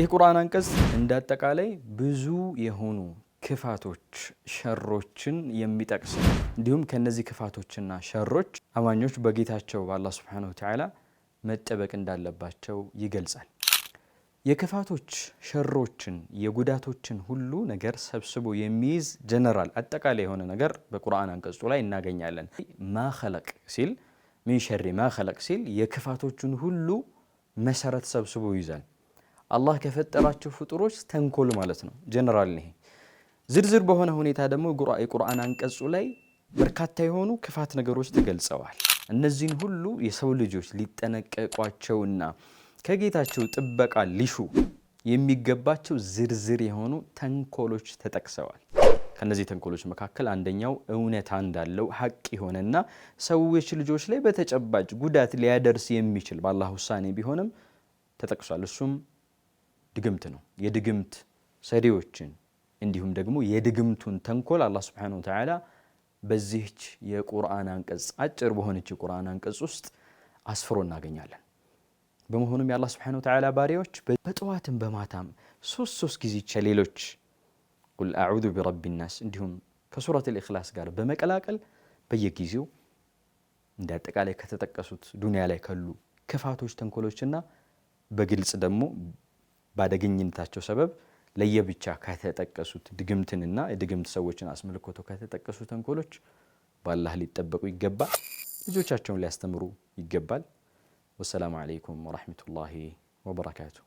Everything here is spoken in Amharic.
ይህ ቁርአን አንቀጽ እንደ አጠቃላይ ብዙ የሆኑ ክፋቶች ሸሮችን የሚጠቅስ እንዲሁም ከነዚህ ክፋቶችና ሸሮች አማኞች በጌታቸው በአላህ ስብሓነሁ ወተዓላ መጠበቅ እንዳለባቸው ይገልጻል። የክፋቶች ሸሮችን፣ የጉዳቶችን ሁሉ ነገር ሰብስቦ የሚይዝ ጀነራል አጠቃላይ የሆነ ነገር በቁርአን አንቀጹ ላይ እናገኛለን። ማኸለቅ ሲል ሚን ሸሪ ማኸለቅ ሲል የክፋቶችን ሁሉ መሰረት ሰብስቦ ይይዛል። አላህ ከፈጠራቸው ፍጡሮች ተንኮል ማለት ነው። ጀነራል ይሄ ዝርዝር በሆነ ሁኔታ ደግሞ የቁርአን አንቀጹ ላይ በርካታ የሆኑ ክፋት ነገሮች ተገልጸዋል። እነዚህን ሁሉ የሰው ልጆች ሊጠነቀቋቸውና ከጌታቸው ጥበቃ ሊሹ የሚገባቸው ዝርዝር የሆኑ ተንኮሎች ተጠቅሰዋል። ከነዚህ ተንኮሎች መካከል አንደኛው እውነታ እንዳለው ሀቅ የሆነና ሰዎች ልጆች ላይ በተጨባጭ ጉዳት ሊያደርስ የሚችል በአላህ ውሳኔ ቢሆንም ተጠቅሷል። እሱም ድግምት ነው። የድግምት ሰዴዎችን እንዲሁም ደግሞ የድግምቱን ተንኮል አላህ ስብሓነሁ ወተዓላ በዚህች የቁርአን አንቀጽ አጭር በሆነች የቁርአን አንቀጽ ውስጥ አስፍሮ እናገኛለን። በመሆኑም የአላህ ስብሓነሁ ወተዓላ ባሪያዎች በጠዋትም በማታም ሶስት ሶስት ጊዜ ቸሌሎች ቁል አዑዙ ቢረቢ ናስ እንዲሁም ከሱረት ልእክላስ ጋር በመቀላቀል በየጊዜው እንደ አጠቃላይ ከተጠቀሱት ዱንያ ላይ ካሉ ክፋቶች፣ ተንኮሎችና በግልጽ ደግሞ በአደገኝነታቸው ሰበብ ለየብቻ ከተጠቀሱት ድግምትንና የድግምት ሰዎችን አስመልክቶ ከተጠቀሱ ተንኮሎች በአላህ ሊጠበቁ ይገባል። ልጆቻቸውን ሊያስተምሩ ይገባል። ወሰላሙ አለይኩም ወራህመቱላሂ ወበረካቱ።